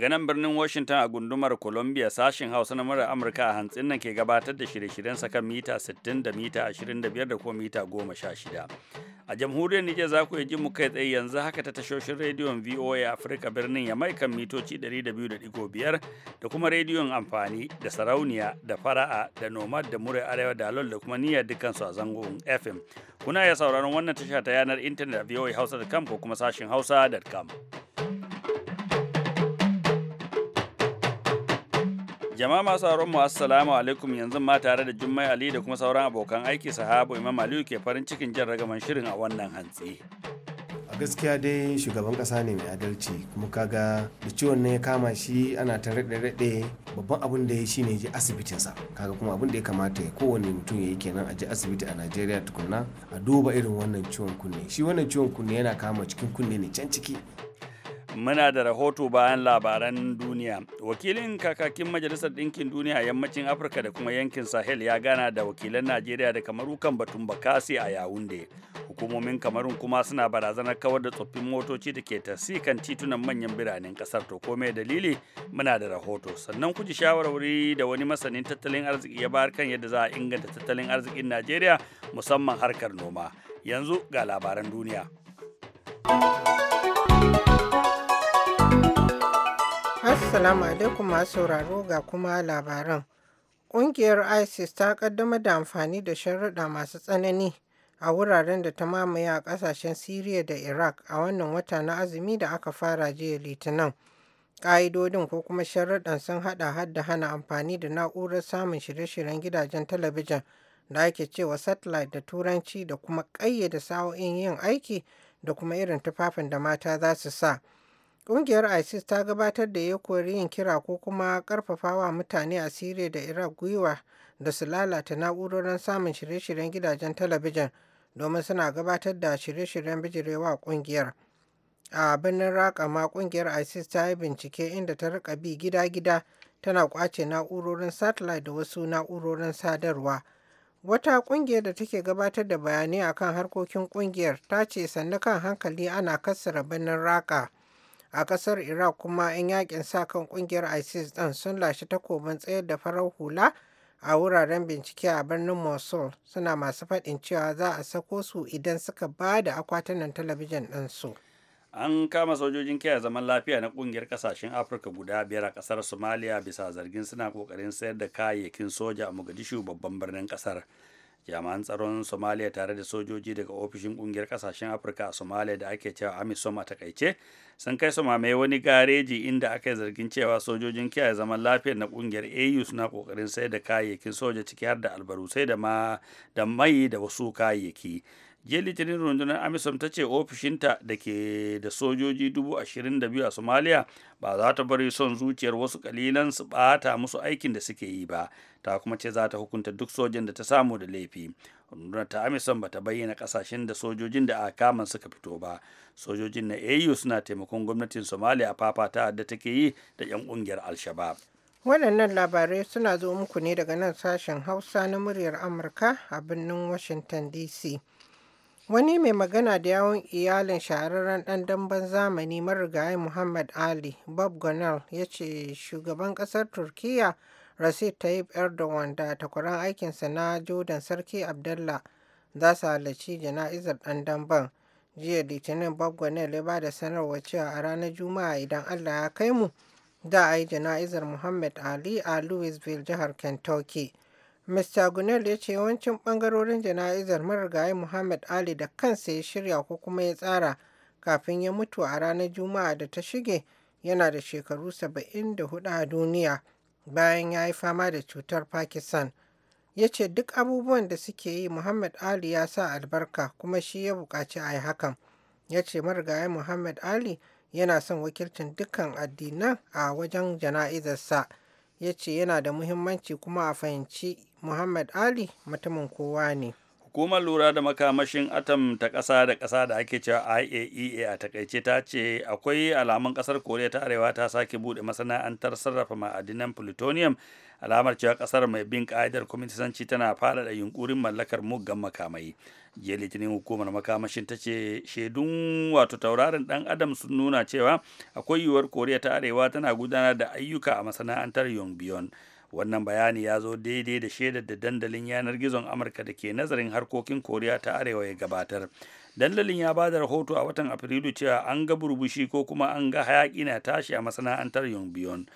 Daga nan birnin Washington a gundumar Columbia sashin Hausa na murar Amurka a hantsin nan ke gabatar da shirye-shiryen sakan mita 60 da mita 25 da kuma mita 16. A jamhuriyar Nijar za ku ji mu kai tsaye yanzu haka ta tashoshin rediyon VOA Afirka birnin ya mai kan mitoci 200.5 da kuma rediyon amfani da sarauniya da fara'a da nomad da murai arewa da lol da kuma niyyar dukansu a zangon FM. Kuna iya sauraron wannan tasha ta yanar intanet a hausa.com ko kuma sashin hausa.com. Jama'a masu sauran mu assalamu alaikum yanzu ma tare da Jummai Ali da kuma sauran abokan aiki sahabu Imam Aliyu ke farin cikin jin ragaman shirin a wannan hantsi. A gaskiya dai shugaban kasa ne mai adalci kuma kaga da ciwon ne ya kama shi ana ta raɗe raɗe babban abin da ya shi ne je asibitinsa kaga kuma abin da ya kamata ya kowane mutum ya yi kenan a ji asibiti a Najeriya tukunna a duba irin wannan ciwon kunne shi wannan ciwon kunne yana kama cikin kunne ne can ciki Muna da rahoto bayan labaran duniya. Wakilin kakakin Majalisar Dinkin Duniya a yammacin Afirka da kuma yankin Sahel ya gana da wakilan Najeriya da Kamaru kan batun Bakasi a Yawunde. Hukumomin Kamarun kuma suna barazanar kawar da tsoffin motoci da ke tasi kan titunan manyan biranen kasar to kome dalili muna da rahoto. Sannan ku shawarwari da wani masanin tattalin arziki ya bayar kan yadda za a inganta tattalin arzikin Najeriya musamman harkar noma. Yanzu ga labaran duniya. Assalamu alaikum masu sauraro ga kuma labaran. Ƙungiyar ISIS ta ƙaddamar da amfani da sharuɗa masu tsanani a wuraren da ta mamaye a ƙasashen Siriya da Iraq a wannan wata na azumi da aka fara jiya Litinin. Ƙa'idodin ko kuma sharuɗan sun haɗa hadda hana amfani da na'urar samun shirye-shiryen gidajen talabijin da ake cewa satellite da turanci da kuma ƙayyade sa'o'in yin aiki da kuma irin tufafin da mata za su sa. Ƙungiyar ISIS ta gabatar da kori yin kira ko kuma ƙarfafawa mutane a Siriya da Iraq gwiwa da su lalata na'urorin samun shirye-shiryen gidajen talabijin domin suna gabatar da shirye-shiryen bijirewa ƙungiyar. A birnin Raqqa ma ƙungiyar ISIS ta yi bincike inda ta rika bi gida-gida tana ƙwace na'urorin satellite da wasu na'urorin sadarwa. Wata ƙungiyar da take gabatar da bayanai akan harkokin ƙungiyar ta ce sannu kan hankali ana kassara birnin Raqqa. a kasar iraq kuma 'yan yakin sa kan kungiyar isis din sun lashe takobin tsayar da farar hula a wuraren bincike a birnin mosul suna masu faɗin cewa za a sako su idan suka ba da akwatunan talabijin ɗinsu an kama sojojin kiyaye zaman lafiya na kungiyar kasashen afirka guda biyar a kasar somalia bisa zargin suna kokarin sayar da kayayyakin soja a mogadishu babban birnin kasar jami'an tsaron somaliya tare da sojoji daga ofishin kungiyar kasashen afirka a somaliya da ake cewa amisom a takaice sun kai su mamaye wani gareji inda aka zargin cewa sojojin kiyaye zaman lafiyar na kungiyar au suna kokarin sai da kayayyakin soja ciki har da albarusai da mai da wasu kayayyaki jiya litinin rundunar amisom ta ce ofishinta da ke da sojoji dubu ashirin da biyu a somalia ba za ta bari son zuciyar wasu kalilan su bata musu aikin da suke yi ba ta kuma ce za ta hukunta duk sojan da ta samu da laifi rundunar ta amisom ba ta bayyana kasashen da sojojin da aka kama suka fito ba sojojin na au suna taimakon gwamnatin somalia a fafata da take yi da 'yan kungiyar al-shabab waɗannan labarai suna zo muku ne daga nan sashen hausa na muryar amurka a birnin washington dc Wani mai magana da yawon iyalin shahararren ɗan damben zamani marigayi Muhammad Ali, Bob Gonal ya ce shugaban ƙasar Turkiyya rasid Tayyip Erdogan da takwaran aikinsa na Jordan Sarki Abdullah, za su halarci jana'izar ɗan damben. Jiya Litinin Bob Gonal ya ba da sanarwa cewa a ranar Juma'a idan Allah ya kai mu, za a yi jana'izar Muhammad Ali a Louisville jihar Kentucky. Mr. Gunel ya ce yawancin ɓangarorin jana'izar marigayi Muhammad Ali da kansa ya shirya ko kuma ya tsara kafin ya mutu a ranar Juma'a da ta shige yana da shekaru 74 a duniya bayan ya yi fama da cutar Pakistan. Ya ce duk abubuwan da suke yi Muhammad Ali ya sa albarka kuma shi ya buƙaci a yi hakan. Ya ce marigayi Muhammad Ali yana son wakilcin dukkan addinan a wajen jana'izarsa. ya ce yana da muhimmanci kuma a fahimci Muhammad Ali mutumin kowa ne. Hukumar lura da makamashin atom ta ƙasa da ƙasa da ake cewa IAEA e a takaice ta ce akwai alamun ƙasar Koriya ta Arewa ta sake buɗe masana'antar sarrafa ma'adinan plutonium alamar cewa ƙasar mai bin ƙa'idar kwamitisanci tana faɗaɗa yunkurin mallakar muggan makamai. jiya litinin hukumar makamashin ta ce shaidun wato tauraron dan adam sun nuna cewa akwai yiwuwar koriya ta arewa tana gudanar da ayyuka a masana'antar yongbyon wannan bayani ya zo daidai da shaidar da dandalin yanar gizon amurka da ke nazarin harkokin koriya ta arewa ya gabatar dandalin ya ba da rahoto a watan afrilu cewa an ga burbushi ko kuma an ga hayaki na tashi a masana'antar yongbyon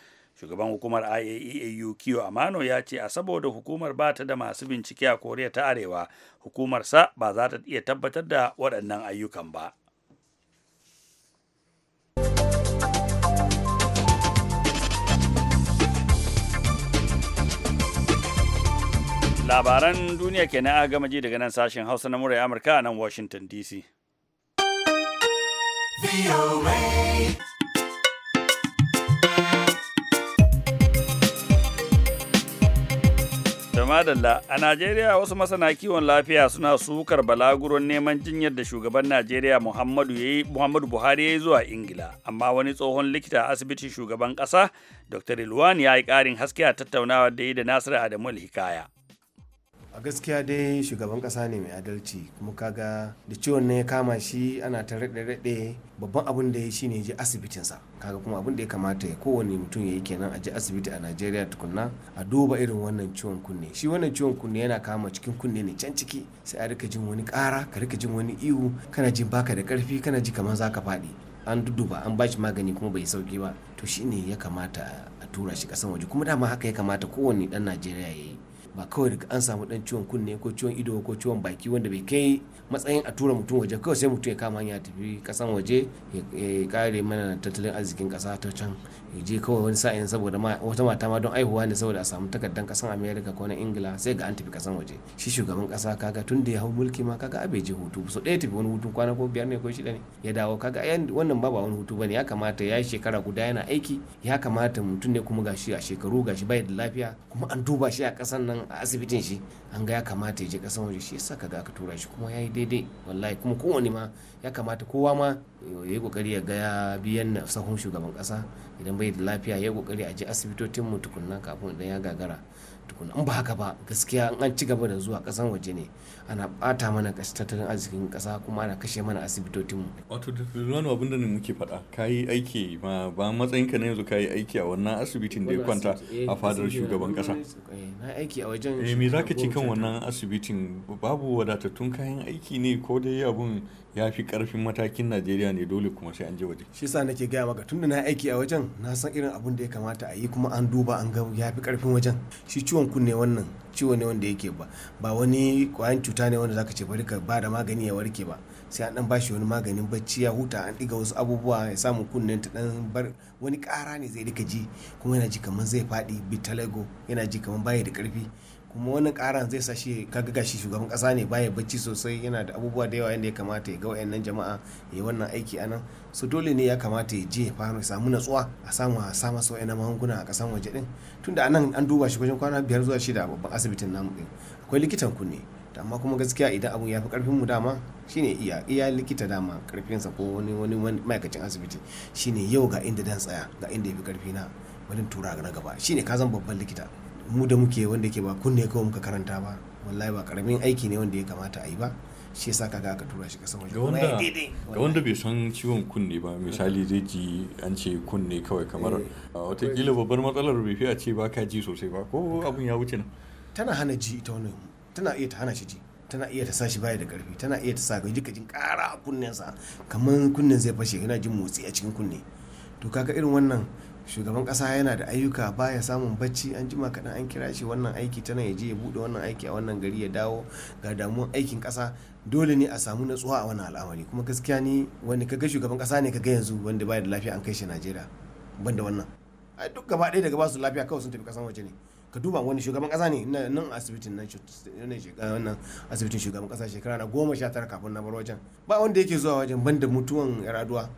shugaban hukumar iaea e kiyo amano ya ce a saboda hukumar ba ta da masu bincike a koriya ta arewa hukumarsa ba za ta iya tabbatar da waɗannan ayyukan ba labaran duniya kenan a gama ji daga nan sashen hausa na murai amurka a nan washington dc madalla a Najeriya wasu masana kiwon lafiya suna sukar balaguron neman jinyar da shugaban Najeriya Muhammadu yayi Muhammadu Buhari yayi zuwa Ingila amma wani tsohon likita a asibitin shugaban ƙasa Dr. Ilwan ya yi ƙarin haske a tattaunawa da yi da Nasiru Adamu Hikaya. a gaskiya dai shugaban kasa ne mai adalci kuma kaga da ciwon ne ya kama shi ana ta raɗe-raɗe babban abin da ya shi ne ji asibitinsa kaga kuma abin da ya kamata ya kowane mutum ya yi kenan a ji asibiti a najeriya tukunna a duba irin wannan ciwon kunne shi wannan ciwon kunne yana kama cikin kunne ne can ciki sai a rika jin wani kara ka rika jin wani ihu kana jin baka da ƙarfi kana ji kamar zaka faɗi an duduba an ba shi magani kuma bai sauki ba to shine ya kamata a tura shi kasan waje kuma dama haka ya kamata kowane ɗan najeriya ya yi ba kawai daga an samu dan ciwon kunne ko ciwon ido ko ciwon baki wanda bai kai matsayin a tura mutum waje kawai sai mutum ya kama ya tafi kasan waje ya kare mana tattalin arzikin kasa ta can ya je kawai wani sa'in saboda wata mata ma don aihuwa ne saboda a samu takardar kasan america ko na ingila sai ga an tafi kasan waje shi shugaban kasa kaga tun da ya hau mulki ma kaga abe je hutu so ɗaya tafi wani hutu kwana ko biyar ne ko shida ne ya dawo kaga wannan ba ba wani hutu bane ya kamata ya yi shekara guda yana aiki ya kamata mutum ne kuma gashi a shekaru gashi bai da lafiya kuma an duba shi a kasan nan a asibitin shi an ga ya kamata ya je kasan waje shi yasa kaga aka tura shi kuma ya yi daidai wallahi kuma kowane ma ya kamata kowa ma ya yi kokari ya ga ya biyan sahun shugaban kasa idan bai da lafiya ya kokari a je asibitocin mu tukunna kafin idan ya gagara tukunna in ba haka ba gaskiya an ci gaba da zuwa kasan waje ne ana bata mana tattalin arzikin kasa kuma ana kashe mana mu wato da wani abin da muke faɗa kayi aiki ma ba matsayin ka na yanzu kayi aiki a wannan asibitin da ya kwanta eh, a fadar shugaban kasa eh, na aiki a wajen eh me zaka ce kan wannan asibitin babu wadatattun kayan aiki ne ko dai abun ya fi karfin matakin najeriya ne dole kuma sai an je waje shi sa nake gaya maka tunda na aiki a wajen na san irin abun da ya kamata a yi kuma an duba an ga ya fi karfin wajen shi ciwon kunne wannan ciwo ne wanda yake ba ba wani kwayan cuta ne wanda zaka ce bari ka ba da magani ya warke ba sai an dan bashi wani maganin bacci ya huta an diga wasu abubuwa ya samu kunnen ta dan bar wani ƙara ne zai rika ji kuma yana ji kaman zai faɗi bitalego yana ji kaman baya da karfi kuma wannan ƙaran zai sa shi kaga gashi shugaban kasa ne baya bacci sosai yana da abubuwa da yawa yadda ya kamata ya ga wayannan jama'a ya wannan aiki anan su dole ne ya kamata ya je ya fara ya samu natsuwa a samu a samu sau wayannan magunguna a ƙasan waje din tunda anan an duba shi wajen kwana biyar zuwa shida a babban asibitin namu din akwai likitan kunne amma kuma gaskiya idan abu ya fi karfin mu dama shine iya iya likita dama karfinsa ko wani wani ma'aikacin asibiti shine yau ga inda dan tsaya ga inda ya fi karfi na wani tura na gaba shine ka zan babban likita mu da muke wanda ke ba kunne kawai muka karanta ba wallahi ba karamin aiki ne wanda ya kamata a yi ba shi yasa kaga aka tura shi kasa waje kuma daidai ga wanda bai san ciwon kunne ba misali zai ji an ce kunne kawai kamar eh, watakila babbar matsalar bai fi a ce ba ka ji sosai ba ko abun ya wuce na tana hana ji ita wannan tana iya ta hana shi ji tana iya ta sa shi baya da karfi tana iya ta sa ga jika jin kara a kunnensa kamar kunnen zai fashe yana jin motsi a cikin kunne to kaga irin wannan shugaban kasa yana da ayyuka baya samun bacci an jima kaɗan an kira shi wannan aiki tana ya je ya buɗe wannan aiki a wannan gari ya dawo ga damuwan aikin kasa dole ne a samu natsuwa a wannan al'amari kuma gaskiya ni wani kaga shugaban kasa ne kaga yanzu wanda baya da lafiya an kai shi najeriya banda wannan a duk gaba ɗaya daga basu lafiya kawai sun tafi kasan waje ne ka duba wani shugaban kasa ne nan asibitin nan eh, asibitin shugaban kasa shekara na goma sha tara kafin na bar wajen ba wanda yake zuwa wajen ban da mutuwan yaraduwa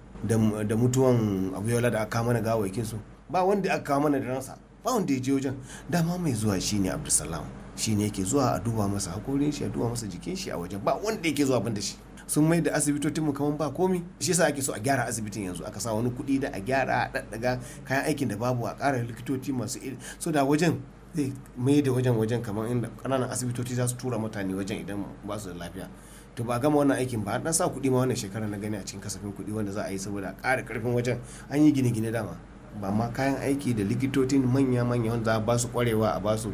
da mutuwan abuyola da aka mana yakin su ba wanda aka kawo mana da ransa ba wanda ya je wajen dama mai zuwa shine abdulsalam shine yake zuwa a duba masa hakorin shi a duba masa jikin shi a wajen ba wanda yake zuwa ban da shi sun mai da asibitocin mu kaman ba komi shi yasa ake so a gyara asibitin yanzu aka sa wani kuɗi da a gyara a daddaga kayan aikin da babu a ƙara likitoci masu so da wajen zai mai da wajen wajen kamar inda kananan asibitoci za su tura mutane wajen idan ba su da lafiya to ba gama wannan aikin ba dan sa kuɗi ma wannan shekara na gani a cikin kasafin kuɗi wanda za a yi saboda ƙara ƙarfin wajen an yi gine-gine dama ba ma kayan aiki da likitocin manya-manya wanda ba su kwarewa a ba su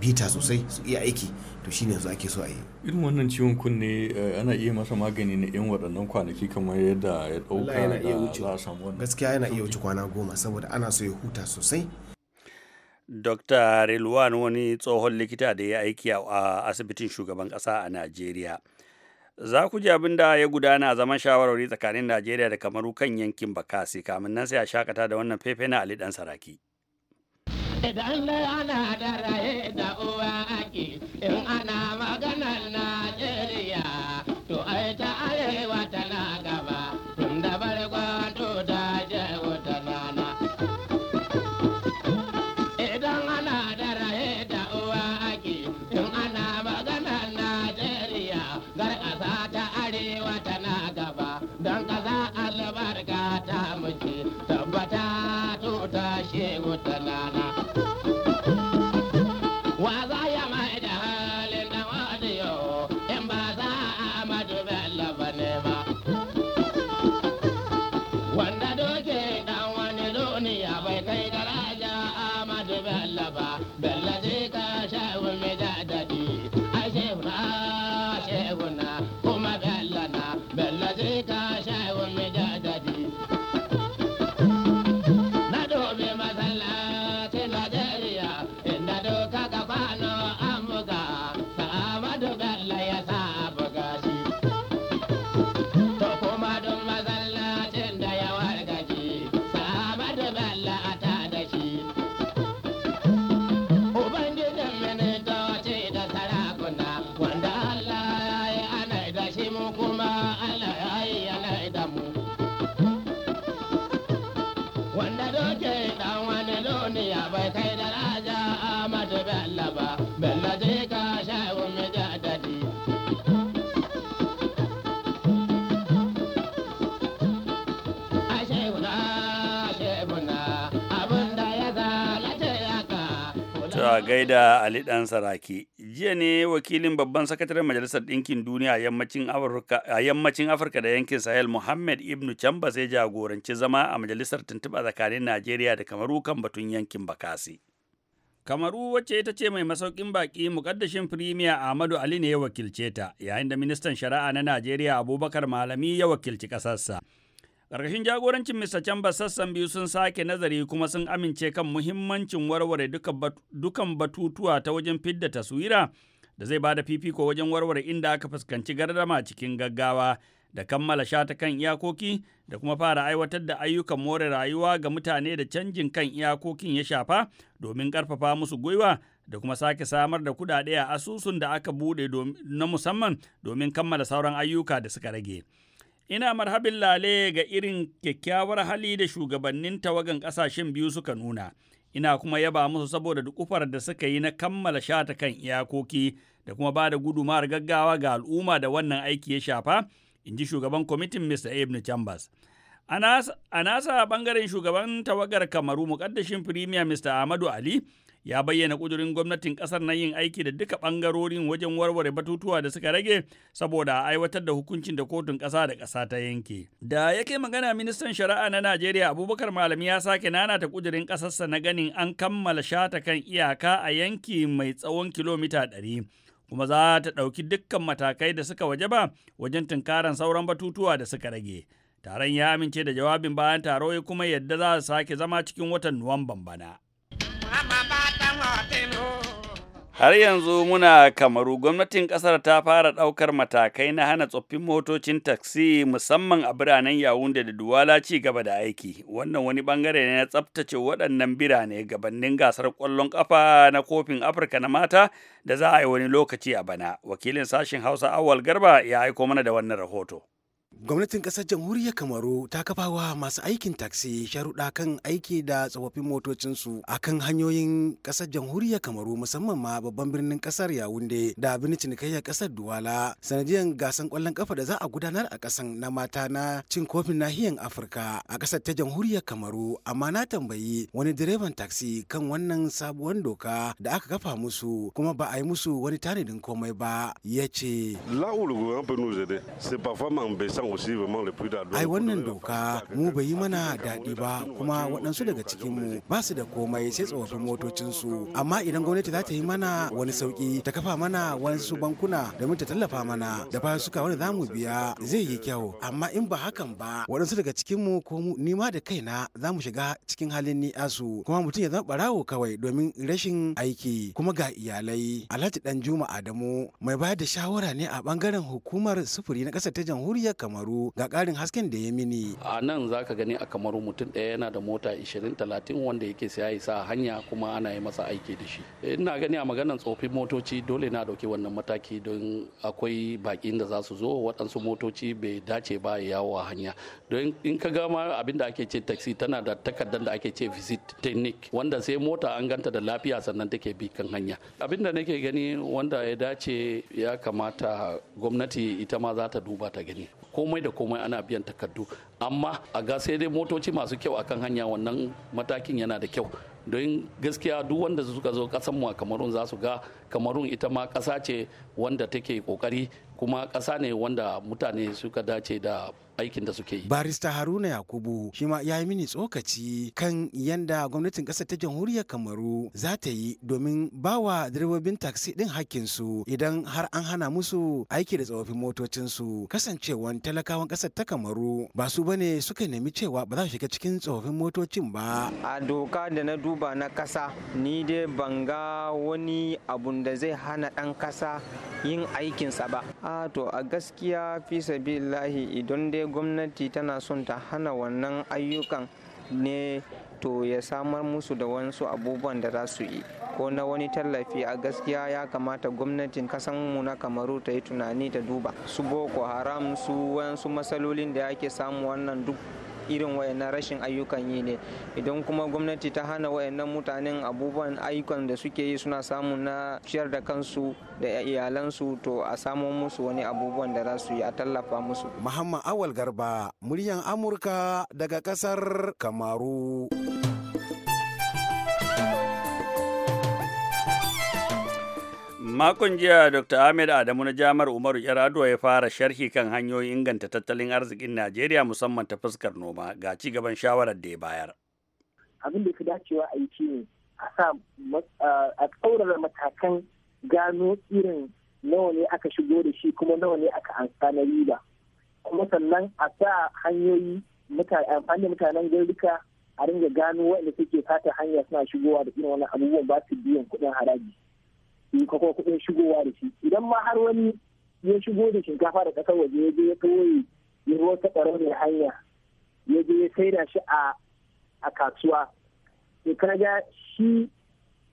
bita sosai su iya aiki to shine yanzu ake so a yi irin wannan ciwon kunne eh, ana iya masa magani na yan waɗannan kwanaki kamar yadda ya ɗauka da za a samu wannan gaskiya yana iya wuce kwana goma saboda ana so ya huta sosai Dr. Rilwan wani tsohon likita da ya aiki a asibitin shugaban ƙasa a Najeriya. Za ku ji abin da ya gudana a zaman shawarwari tsakanin Najeriya da Kamaru kan yankin Bakasi kamun nan sai a shakata da wannan fefe na Ali Dan Saraki. Idan ana da raye da uwa ake in ana maganar na gaida Ali Dan Saraki. Jiya ne wakilin babban sakataren Majalisar Ɗinkin Duniya a yammacin Afirka da yankin Sahel Muhammad Ibn Chamba sai jagoranci zama a majalisar tuntuɓa tsakanin Najeriya da Kamaru kan batun yankin Bakasi. Kamaru wacce ita ce mai masaukin baki mukaddashin firimiya Ahmadu Ali ne ya wakilce ta, yayin da ministan shari'a na Najeriya Abubakar Malami ya wakilci ƙasarsa. Ƙarƙashin jagorancin Mr. Chambers sassan biyu sun sake nazari kuma sun amince kan muhimmancin warware dukan batutuwa ta wajen fidda taswira da zai bada fifiko wajen warware inda aka fuskanci gardama cikin gaggawa da kammala shata kan iyakoki da kuma fara aiwatar da ayyukan more rayuwa ga mutane da canjin kan iyakokin ya shafa domin ƙarfafa musu gwiwa da kuma sake samar da kuɗaɗe a asusun da aka buɗe na musamman domin kammala sauran ayyuka da suka rage. Ina marhabin lale ga irin kyakkyawar hali da shugabannin tawagan ƙasashen biyu suka nuna. Ina kuma yaba musu saboda dukufar da suka yi na kammala shata kan iyakoki da kuma ba da gudumar gaggawa ga al'umma da wannan aiki ya shafa in ji shugaban kwamitin Mr. Ibn Chambers. A nasa bangaren shugaban tawagar Kamaru mukaddashin Firimiya Mr. Ahmadu Ali ya bayyana kudurin gwamnatin ƙasar na yin aiki da duka bangarorin wajen warware batutuwa da suka rage saboda aiwatar da hukuncin da kotun ƙasa da ƙasa ta yanke. Da ya kai magana ministan shari'a na Najeriya Abubakar Malami ya sake nanata kudurin ƙasarsa na ganin an kammala shata kan iyaka a yanki mai tsawon kilomita ɗari. kuma za ta ɗauki dukkan matakai da suka waje ba wajen tunkaran sauran batutuwa da suka rage. Taron ya amince da jawabin bayan taro ya kuma yadda za su sake zama cikin watan Nuwamban bana. har yanzu muna kamaru gwamnatin kasar ta fara daukar matakai na hana tsoffin motocin taksi musamman a biranen yawunde da duwala ci gaba da aiki wannan wani bangare ne na tsabtace waɗannan birane gabanin gasar ƙwallon ƙafa na kofin afirka na mata da za a yi wani lokaci a bana wakilin sashen hausa awal garba ya aiko mana da wannan rahoto gwamnatin kasar jamhuriyar kamaru ta kafa wa masu aikin taksi sharuɗa kan aiki da tsofaffin motocinsu a kan hanyoyin kasar jamhuriyar kamaru musamman ma babban birnin kasar yawunde da birnin cinikayyar kasar duwala sanadiyar gasan kwallon kafa da za a gudanar a kasan na mata na cin kofin nahiyar afirka a kasar ta jamhuriyar kamaru amma na tambayi wani direban taksi kan wannan sabuwar doka da aka kafa musu kuma ba a yi musu wani tanadin komai ba ya ce ai wannan doka mu bai yi mana daɗi ba kuma waɗansu daga cikinmu ba su da komai sai tsofaffin motocin su. amma idan gwamnati za ta yi mana wani sauki ta kafa mana wasu bankuna domin ta tallafa mana da ba suka wani za biya zai yi kyau amma in ba hakan ba waɗansu daga cikinmu ko mu nima da kaina za mu shiga cikin halin ni'asu kuma mutum ya zama ɓarawo kawai domin rashin aiki kuma ga iyalai alhaji dan juma adamu mai bayar da shawara ne a bangaren hukumar sufuri na ƙasar ta jamhuriyar kamar kamaru ga ƙarin hasken da ya mini a nan za ka gani a kamaru mutum ɗaya yana da mota 20-30 wanda yake siya ya sa hanya kuma ana yi masa aiki da shi eh, ina gani a maganan tsofin motoci dole na dauki wannan mataki don akwai bakin da za su zo waɗansu motoci bai dace ba ya yawo a hanya don in ka gama abin da ake ce taxi tana da takardar da ake ce visit technique wanda sai mota an ganta da lafiya sannan take bi kan hanya abin da nake gani wanda ya dace ya kamata gwamnati ita ma za ta duba ta gani komai da komai ana biyan takardu amma a ga sai dai motoci masu kyau akan hanya wannan matakin yana da kyau don gaskiya duk wanda suka zo kasanmu a kamarun za su ga kamarun ita ma ƙasa ce wanda take ƙoƙari kuma ƙasa ne wanda mutane suka dace da aikin da suke yi. Barista Haruna Yakubu shi ma ya yi mini tsokaci kan yanda gwamnatin ƙasar ta jamhuriyar Kamaru za ta yi domin bawa direbobin taksi ɗin hakkinsu idan har an hana musu aiki da tsofaffin motocinsu kasancewan talakawan ƙasar ta Kamaru ba su bane suka nemi cewa ba za su shiga cikin tsofaffin motocin ba. A doka da na duba na ƙasa ni dai ban ga wani abun wanda zai hana ɗan ƙasa yin aikinsa ba a to a gaskiya fi sabillahi idan dai gwamnati tana son ta hana wannan ayyukan ne to ya samar musu da wasu abubuwan da za su yi ko na wani tallafi a gaskiya ya kamata gwamnatin mu na kamaru ta yi tunani ta duba su boko haram su wasu matsalolin da ake samu wannan duk irin wayannan rashin ayyukan yi ne idan kuma gwamnati ta hana wayannan mutanen abubuwan ayyukan da suke yi suna samun na ciyar da kansu da iyalansu to a samo musu wani abubuwan da za su yi a tallafa musu muhammad awal garba muryan amurka daga kasar kamaru Makon jiya Dr. Ahmed Adamu na Jamar Umaru Yar'adua ya fara sharhi kan hanyoyin inganta tattalin arzikin Najeriya musamman ta fuskar noma ga ci gaban shawarar da ya bayar. Abin da fi dacewa a yi shi ne a sa a tsaurara matakan gano irin nawa ne aka shigo da shi kuma nawa ne aka ansa na riba. Kuma sannan a sa hanyoyi amfani da mutanen garuruka a ringa gano wanda suke fata hanya suna shigowa da irin wannan abubuwan ba su biyan kuɗin haraji. su kuɗin shigowa da shi idan ma har wani ya shigo da shinkafa da ƙasar waje ya je ya kawai ya wata mai hanya ya je ya saida shi a kasuwa to ga shi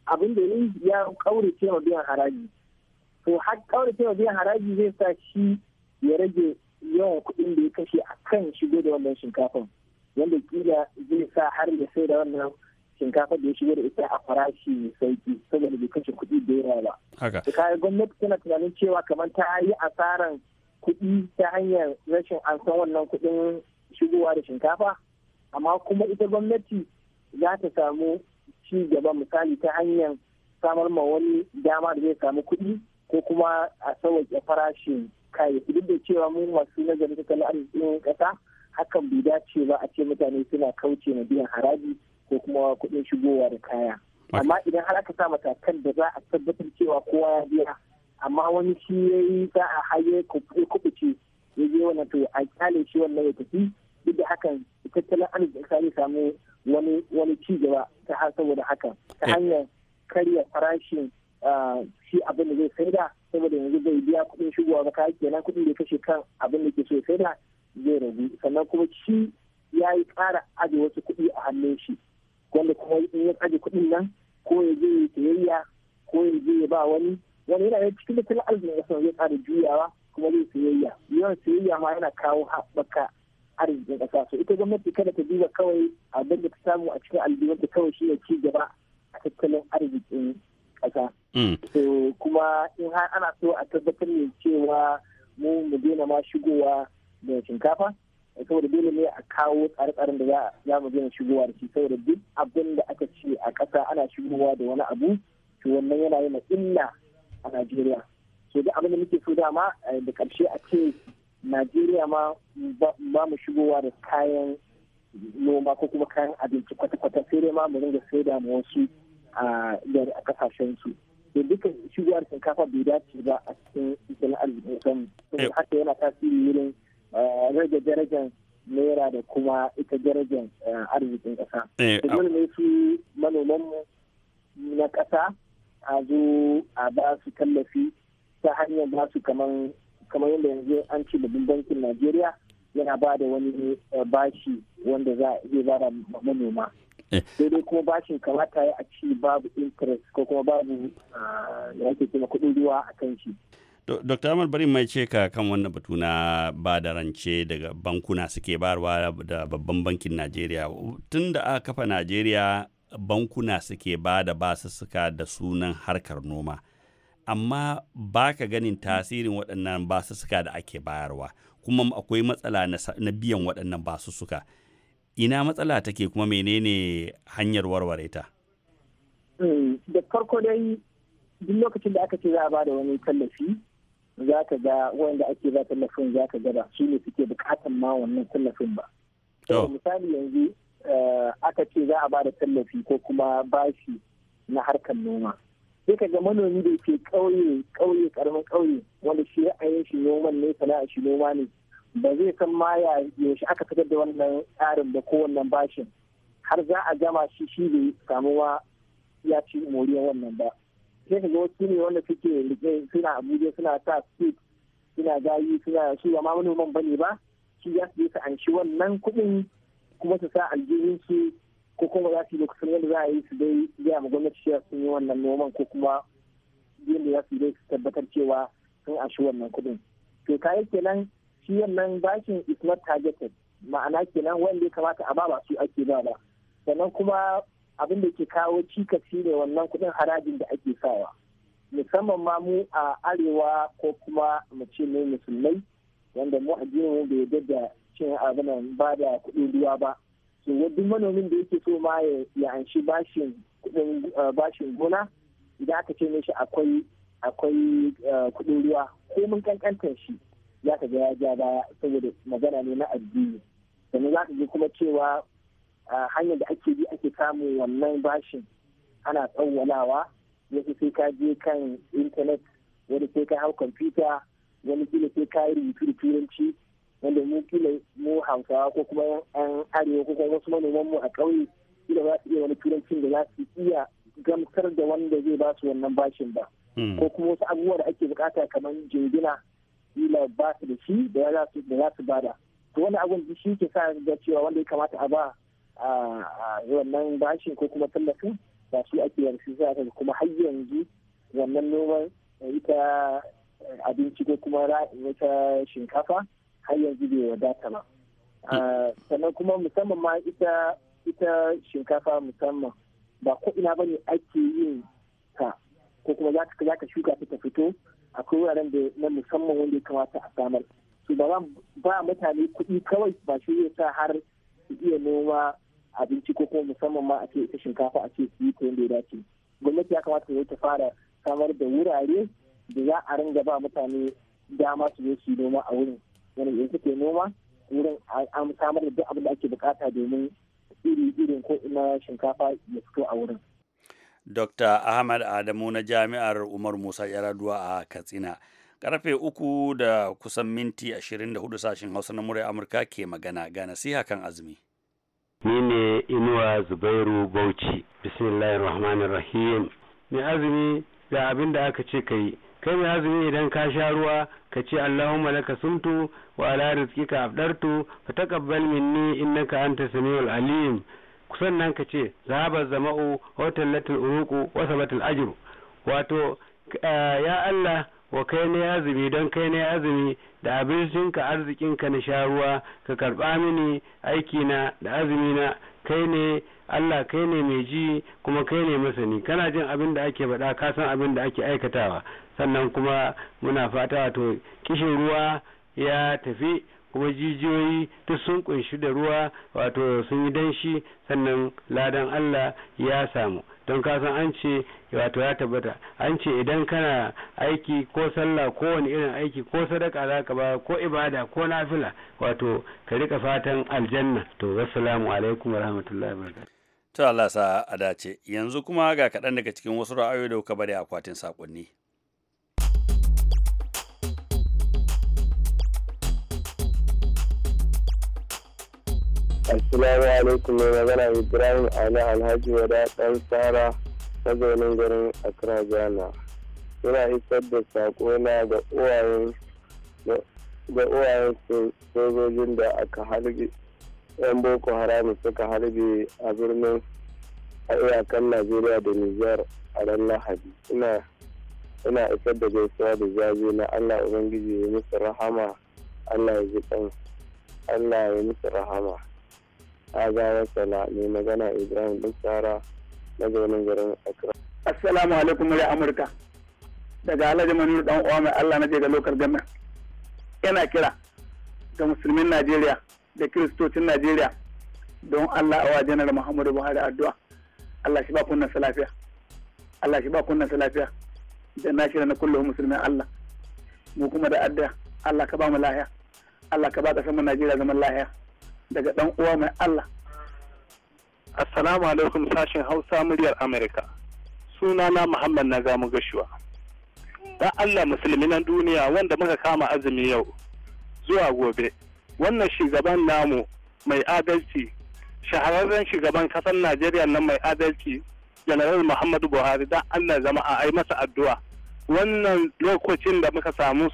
abin da ya ƙaure ce ma biyan haraji to har ƙaure ce ma biyan haraji zai sa shi ya rage yawan kuɗin da ya kashe a kan shigo da wannan shinkafan wanda kila zai sa har ya sai da wannan shinkafa da ya shigo da ita a farashi mai sauki saboda bai kashe kuɗi da yawa ba. Haka. Da kayan gwamnati tana tunanin cewa kamar ta yi asaran kuɗi ta hanyar rashin an san wannan kuɗin shigowa da shinkafa amma kuma ita gwamnati za ta samu ci gaba misali ta hanyar samar ma wani dama da zai samu kuɗi ko kuma a sauƙaƙe farashin kayayyaki duk da cewa mu masu nazarin tattalin arzikin ƙasa hakan bai dace ba a ce mutane suna kauce ma biyan haraji ko kuma kuɗin shigowa da kaya amma idan har aka sa matakan da za a tabbatar cewa kowa ya biya amma wani shi ya yi za a haye kuɓuce ya je wani to a kyale shi wannan ya tafi duk da hakan tattalin arziki sami samu wani ci gaba ta har saboda hakan ta eh. hanyar karya farashin shi abin da zai saida saboda yanzu zai biya kuɗin shigowa ba kaya kenan kuɗin da kashe kan abin da ke so ya saida zai rabu sannan kuma shi ya yi ƙara aje wasu kuɗi a hannun shi wanda kuma in ya tsaje kuɗin nan ko ya je ya tayayya ko ya je ya ba wani wani yana yin cikin tattalin arzikin ƙasar zai ƙara juyawa kuma zai sayayya yawan sayayya ma yana kawo haɓaka arzikin ƙasa so ita gwamnati kada ta duba kawai abin da ta samu a cikin aljihunta kawai shi ne ci gaba a tattalin arzikin ƙasa. Mm. so kuma in har ana so a tabbatar ne cewa mu mu daina ma shigowa da shinkafa saboda dole ne a kawo tsare-tsaren da ya mu gina shigowa da shi saboda duk abin da aka ce a ƙasa ana shigowa da wani abu to wannan yana yi illa a najeriya so duk abin da muke so dama eh, da ƙarshe a ce najeriya ma ba mu shigowa da kayan noma ko kuma kayan abinci kwata-kwata sai dai ma mu ringa sai da mu wasu a kasashen su to duka shigowar shinkafa bai dace ba a cikin tattalin arzikin samu eh. haka yana tasiri wurin Eh, rage darajar naira da kuma ita darajar eh, arzikin ƙasa. Eh, dole ne su manomanmu na kasa a zo a ba su tallafi ta hanyar ba su kamar yadda yanzu an ci babban bankin Najeriya yana ba da wani bashi wanda za a ba da manoma. Daidai kuma bashin kamata ya a ci babu interest ko kuma babu ah, ya ake kuma kuɗin ruwa a kan shi. Dr. Amal bari mai ce ka kan wannan batu na ba da rance daga bankuna suke barwa da babban bankin Najeriya. Tun da aka kafa Najeriya bankuna suke ba da basussuka da sunan harkar noma. Amma ba ka ganin tasirin waɗannan basussuka da ake bayarwa, kuma akwai matsala na biyan waɗannan basussuka. Ina matsala take kuma menene hanyar warware ta? Eh, da farko dai duk lokacin da aka ce za a ba da wani tallafi za ka ga wanda ake ba tallafin za ka ga ba shi ne suke bukatan ma wannan tallafin ba. Oh. misali yanzu eh, aka ce za a ba da tallafi ko kuma bashi na harkar noma. Sai ka ga manomi da ke ƙauye ƙauye ƙaramin ƙauye wanda shi ra'ayin shi noman ne sana'a shi noma ne ba zai san ma yaushe aka fitar da wannan tsarin ba ko wannan bashin har za a gama shi shi bai samu ya ci moriyar wannan ba. sai ka ga wasu ne wanda suke rike suna abuja suna sa street suna gayi suna su ba ma manoman bane ba su za su je su anshi wannan kuɗin kuma su sa aljihun su ko kuma za su yi lokacin yadda za a yi su dai ya ma gwamnati cewa sun yi wannan noman ko kuma yadda za su yi su tabbatar cewa sun anshi wannan kuɗin to kayan kenan shi wannan bashin is not targeted ma'ana kenan wanda ya kamata a ba ba su ake ba ba sannan kuma abin da ke kawo cikas ne wannan kudin harajin da ake sawa musamman ma mu a arewa ko kuma mu ce ne musulmai wanda mu bai yadda da cin nan ba da kuɗin ruwa ba so duk manomin da yake so ma ya anshi bashin kudin eh, bashin gona idan aka ce mishi akwai akwai eh, kuɗin ruwa ko mun kankantar shi za ka ga ya ja baya saboda magana ne na addini sannan za ka ji kuma cewa hanyar da ake bi ake samu wannan bashin ana tsawwalawa wasu sai ka je kan intanet wani sai ka hau kwamfuta wani kila sai ka yi rubutu da turanci wanda mu kila mu hausawa ko kuma yan arewa ko kuma wasu manoman mu a ƙauye kila za su iya wani turancin da za su iya gamsar da wanda zai ba su wannan bashin ba hmm. ko kuma wasu abubuwa da ake bukata kamar jingina kila ba su da shi da za su bada to wani abun shi ke sa ga cewa wanda ya kamata a ba wannan bashin ko kuma tallafin ba su ake yanzu za ka kuma har yanzu wannan noman eh, ita eh, abinci ko kuma wata shinkafa har yanzu bai wadata ba ah, sannan kuma musamman ma ita ita shinkafa musamman ba ko ina bane ake yin ta ko kuma za ka shuka ta fito akwai wuraren da na musamman wanda ya kamata a samar ba mutane kuɗi kawai ba shi ya har iya noma abinci ko kuma musamman ma a ce ita shinkafa a ce su yi ta da ya dace gwamnati ya kamata ta fara samar da wurare da za a ringa ba mutane dama su zo su noma a wurin wani yanzu ke noma wurin an samar da duk abin da ake bukata domin iri irin ko ina shinkafa ya fito a wurin Dr. Ahmad Adamu na Jami'ar Umar Musa Yaraduwa a Katsina. Karfe uku da kusan minti 24 sashen Hausa na Murai Amurka ke magana ga nasiha kan azumi. ni ne inuwa zubairu bauchi bismillahi rahmanir rahim mai azumi ga abin da aka ce kai kai mai azumi idan ka sha ruwa ka ce allahumma laka sumtu wa ala rizqika afdartu fa taqabbal minni innaka anta samiul alim nan ka ce zaba zama'u wa tallatul uruqu wa sabatul ajru wato eh, ya allah wa kai ne azumi don kai ne azumi da abincinka arzikinka na sha ruwa ka karɓa mini aikina da azumina kai ne Allah kai ne mai ji kuma kai ne masani kana jin abin da ake faɗa ka san abin da ake aikatawa sannan kuma muna fata to kishin ruwa ya tafi kuma jijiyoyi duk sun kunshi da ruwa wato sun yi danshi sannan ladan Allah ya samu don kasan an ce wato ya tabbata an ce idan kana aiki ko sallah ko wani irin aiki ko sadaka za ka ba ko ibada ko nafila wato ka rika fatan aljanna to wassalamu alaikum rahmatullahi wa to Allah sa a dace yanzu kuma ga kaɗan daga cikin wasu ra'ayoyi da kuka bari akwatin saƙonni Assalamu alaikum mai magana Ibrahim Ali Alhaji Wada ɗan Sara mazaunin garin Accra Ghana. Ina isar da sako na ga uwayen ga uwayen sojojin da aka harbi yan boko haram suka harbi a birnin a iyakan Najeriya da Nijar a ran Lahadi. Ina ina isar da gaisuwa da zaje na Allah Ubangiji ya musu rahama Allah ya ji Allah ya musu rahama. agawa sala mai magana ibrahim na zaunin garin Akira. assalamu alaikum wa amurka daga alhaji manuru dan uwa mai allah na je ga lokar gama yana kira ga musulmin najeriya da kiristocin najeriya don allah awa janar muhammadu buhari addu'a allah shi ba kunna lafiya allah shi ba kunna lafiya da na shirya na kullum musulmin allah mu kuma da addu'a allah ka ba mu lahiya allah ka ba ƙasar mu najeriya zaman lahiya daga ɗan uwa mai Allah. Assalamu alaikum sashen Hausa muryar Amurka. na Muhammad na gamu gashuwa. Dan Allah musulmi na duniya wanda muka kama azumi yau zuwa gobe. Wannan shugaban namu mai adalci shahararren shugaban kasar Najeriya nan mai adalci Janaral Muhammadu Buhari dan Allah zama a ai masa addu'a. Wannan lokacin da muka samu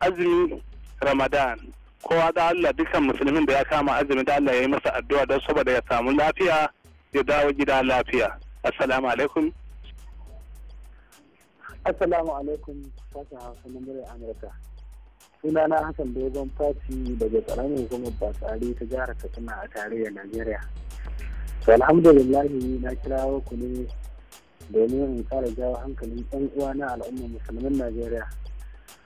azumin Ramadan kowa da Allah dukkan musulmin da ya kama azumi da Allah ya yi masa addu'a don saboda ya samu lafiya ya dawo gida lafiya assalamu alaikum assalamu alaikum fata hausa na murai amurka suna na hassan dogon fati daga karamin hukumar tsari ta jihar katsina a tarayyar najeriya to alhamdulillah na kira ku ne domin in kara jawo hankalin yan uwa na al'ummar musulmin najeriya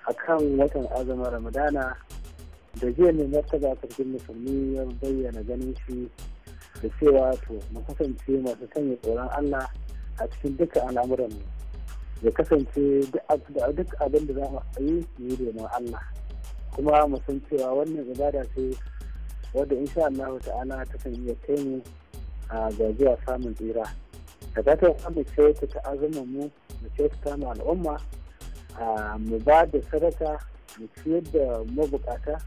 akan watan azumin ramadana da jiya ne na martaba sarkin musulmi ya bayyana ganin shi da cewa to mu kasance masu sanya tsoron allah a cikin duka al'amuran mu. ya kasance duk abin da za mu yi yi domin allah kuma mu san cewa wannan ibada ce wadda insha allahu ta'ala ta kan iya kai mu a gajiya samun tsira da za ta ce ta azumin mu mu ce ta al'umma mu ba da sadaka mu ciyar da mabukata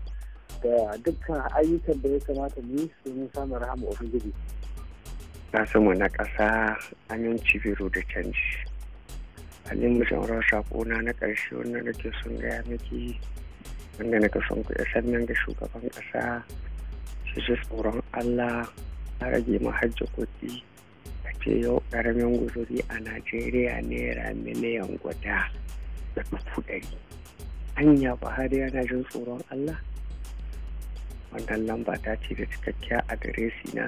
da dukkan ayyukan da ya kamata ne yi domin samun rahama ubangiji na samu na ƙasa aminci biro da canji halin shawarar sakona na ƙarshe wanda nake son gaya miki wanda na son ku ya nan ga shugaban ƙasa shi shi tsoron allah a rage mahajja kuɗi a ce yau ƙaramin guzuri a najeriya naira miliyan guda da dubu ɗari Anya buhari yana jin tsoron allah wannan lamba ta ce da cikakkiya adiresi na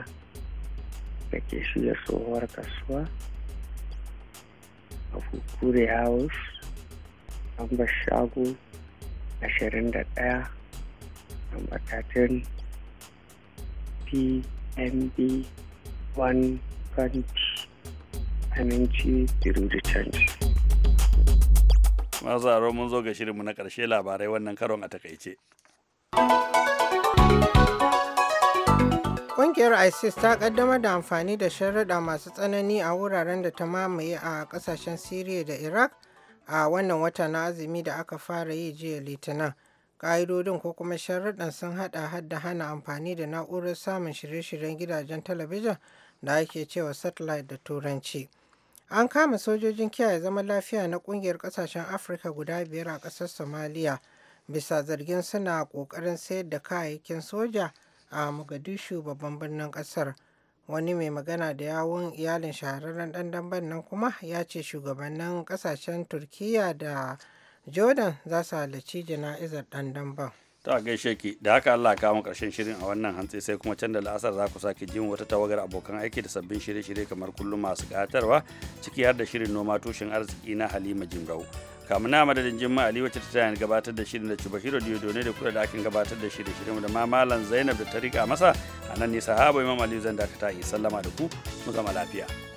da ke shirya tsohuwar kasuwa a fukure house lambar shago 21 lamba 13 pmb 1 punch aminci da the change mazaro mun zo ga shirinmu na ƙarshe labarai wannan karon a takaice. Ƙungiyar ISIS ta ƙaddamar da amfani da sharaɗa masu tsanani a wuraren da ta mamaye a ƙasashen Siriya da Iraq a wannan wata na azumi da aka fara yi jiya Litinin. Ƙa'idodin ko kuma sharaɗan sun haɗa hadda hana amfani da na'urar samun shirye-shiryen gidajen talabijin da ake cewa satellite da Turanci. An kama sojojin kiyaye zaman lafiya na ƙungiyar ƙasashen Afirka guda biyar a ƙasar somaliya bisa zargin suna ƙoƙarin sayar da kayayyakin soja. a Mogadishu babban birnin kasar. Wani mai magana da yawun iyalin shahararren ɗan damben nan kuma ya ce shugabannin ƙasashen Turkiyya da Jordan za su halarci jana'izar ɗan damben. ta gaishe ki da haka Allah kawo karshen shirin a wannan hantsi sai kuma can da la'asar za ku sake jin wata tawagar abokan aiki da sabbin shirye-shirye kamar kullum masu gatarwa ciki har da shirin noma tushen arziki na Halima Jimrau. kamun na madadin jimma ali wacce ta tayar gabatar da shirin da cibahiro diyo ne da kula da akin gabatar da shirin shirin da mamalan malam zainab da ta rika masa a nan ne sahaba imam ali zan dakata sallama da ku mu zama lafiya